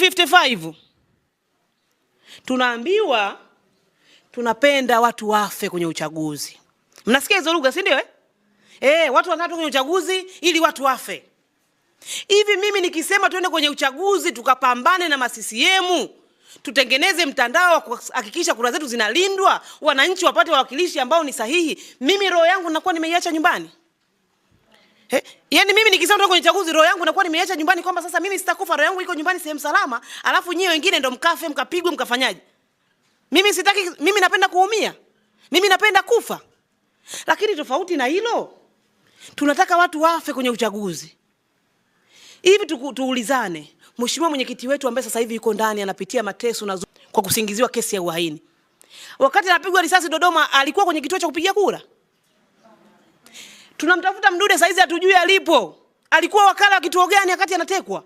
1955 tunaambiwa tunapenda watu wafe kwenye uchaguzi. Mnasikia hizo lugha, si ndio eh? Eh, watu wanataka kwenye uchaguzi ili watu wafe. Hivi mimi nikisema tuende kwenye uchaguzi tukapambane na masisiemu tutengeneze mtandao wa kuhakikisha kura zetu zinalindwa, wananchi wapate wawakilishi ambao ni sahihi, mimi roho yangu nakuwa nimeiacha nyumbani. Eh, yani mimi nikisema ndio kwenye chaguzi roho yangu inakuwa nimeacha nyumbani kwamba sasa mimi sitakufa roho yangu iko nyumbani sehemu salama, alafu nyie wengine ndio mkafe mkapigwe mkafanyaje? Mimi sitaki, mimi napenda kuumia. Mimi napenda kufa. Lakini tofauti na hilo, tunataka watu wafe kwenye uchaguzi. Hivi tu, tuulizane, mheshimiwa mwenyekiti wetu ambaye sasa hivi yuko ndani anapitia mateso na kwa kusingiziwa kesi ya uhaini. Wakati anapigwa risasi Dodoma alikuwa kwenye kituo cha kupigia kura? Tunamtafuta Mdude saizi hatujui alipo. Alikuwa wakala wa kituo gani wakati anatekwa?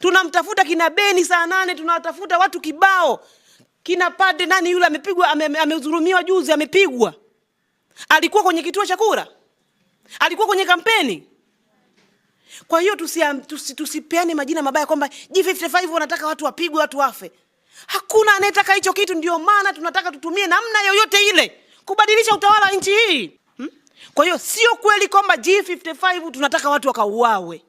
Tunamtafuta kina Beni saa nane, tunawatafuta watu kibao. Kina Padre nani yule amepigwa amedhulumiwa ame juzi amepigwa. Alikuwa kwenye kituo cha kura. Alikuwa kwenye kampeni. Kwa hiyo tusipeane tusi, tusi majina mabaya kwamba G55 wanataka watu wapigwe, watu wafe. Hakuna anayetaka hicho kitu, ndio maana tunataka tutumie namna yoyote ile kubadilisha utawala wa nchi hii. Kwa hiyo sio kweli kwamba G55 tunataka watu wakauawe.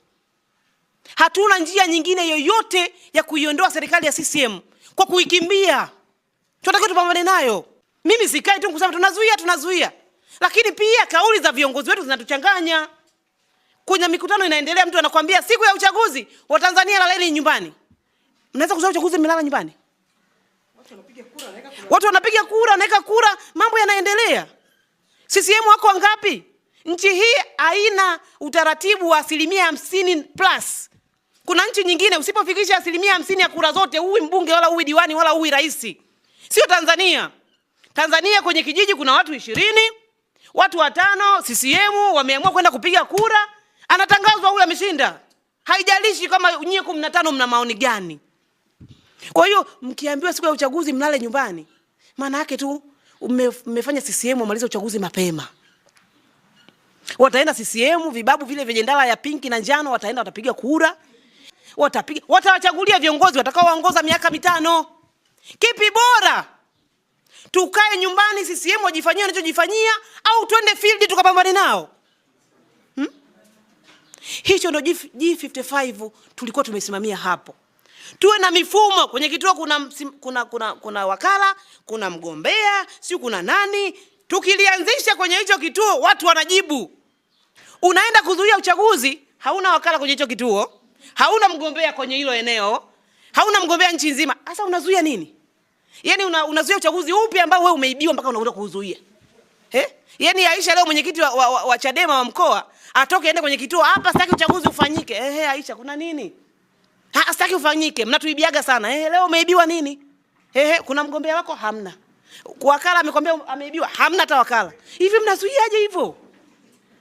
Hatuna njia nyingine yoyote ya kuiondoa serikali ya CCM kwa kuikimbia. Tunataka tupambane nayo. Mimi sikai tu kusema tunazuia tunazuia, lakini pia kauli za viongozi wetu zinatuchanganya. Kwenye mikutano inaendelea, mtu anakwambia siku ya uchaguzi Watanzania laleni nyumbani. Mnaweza kuzoea uchaguzi mlala nyumbani? Watu wanapiga kura, naweka kura, mambo yanaendelea. CCM wako wangapi? Nchi hii haina utaratibu wa asilimia hamsini plus. Kuna nchi nyingine usipofikisha asilimia hamsini ya kura zote uwi mbunge wala uwi diwani wala uwi rais. Sio Tanzania. Tanzania kwenye kijiji kuna watu ishirini, watu watano CCM wameamua kwenda kupiga kura, anatangazwa ule ameshinda. Haijalishi kama nyie kumi na tano mna maoni gani. Kwa hiyo mkiambiwa siku ya uchaguzi mlale nyumbani, maana yake tu mmefanya CCM wamalize uchaguzi mapema, wataenda CCM vibabu vile vyenye ndala ya pinki na njano, wataenda watapiga kura, watapiga watawachagulia viongozi watakaoongoza miaka mitano. Kipi bora, tukae nyumbani CCM wajifanyie wanachojifanyia, au twende field tukapambane nao? Hmm? Hicho ndo G55 tulikuwa tumesimamia hapo tuwe na mifumo kwenye kituo. Kuna, kuna, kuna, kuna wakala, kuna mgombea, si kuna nani. Tukilianzisha kwenye hicho kituo, watu wanajibu. Unaenda kuzuia uchaguzi, hauna wakala kwenye hicho kituo, hauna mgombea kwenye hilo eneo, hauna mgombea nchi nzima. Sasa unazuia nini? Yaani una, unazuia uchaguzi upi ambao wewe umeibiwa mpaka unakuta kuuzuia eh? Yaani Aisha leo mwenyekiti wa, wa, wa, wa Chadema wa mkoa atoke aende kwenye kituo hapa, sitaki uchaguzi ufanyike. Ehe, Aisha kuna nini? Ah, sitaki ufanyike. Mnatuibiaga sana. Eh, leo umeibiwa nini? Eh, eh, kuna mgombea wako hamna. Wakala amekwambia ameibiwa, hamna hata wakala. Hivi mnazuiaje hivyo?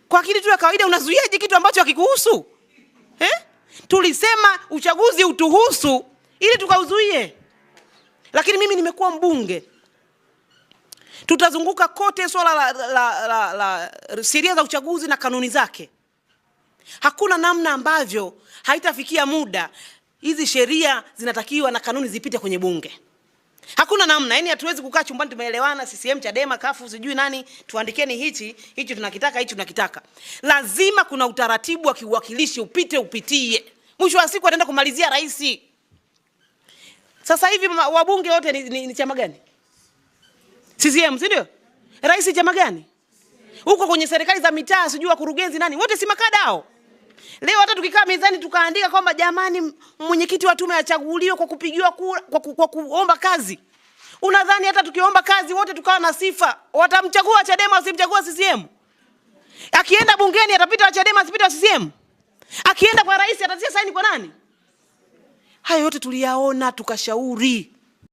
Kwa akili tu ya kawaida unazuiaje kitu ambacho hakikuhusu? Eh? Tulisema uchaguzi utuhusu ili tukauzuie. Lakini mimi nimekuwa mbunge. Tutazunguka kote swala la, la, la, la, la sheria za uchaguzi na kanuni zake. Hakuna namna ambavyo haitafikia muda hizi sheria zinatakiwa na kanuni zipite kwenye bunge. Hakuna namna, yani hatuwezi kukaa chumbani tumeelewana CCM Chadema kafu sijui nani tuandikeni hichi hichi tunakitaka hichi tunakitaka. Lazima kuna utaratibu wa kiuwakilishi upite upitie. Mwisho wa siku ataenda kumalizia rais. Sasa hivi wabunge wote ni, ni, ni chama gani? CCM, si ndio? Rais chama gani? Huko kwenye serikali za mitaa sijui wakurugenzi nani? Wote si makada hao. Leo hata tukikaa mezani tukaandika kwamba jamani, mwenyekiti wa tume achaguliwe kwa kupigiwa kura, kwa, ku, kwa kuomba kazi, unadhani hata tukiomba kazi wote tukawa na sifa watamchagua Chadema wasimchagua CCM? Akienda bungeni atapita wa Chadema asipita wa CCM? Akienda kwa rais atatia saini kwa nani? Hayo yote tuliyaona tukashauri.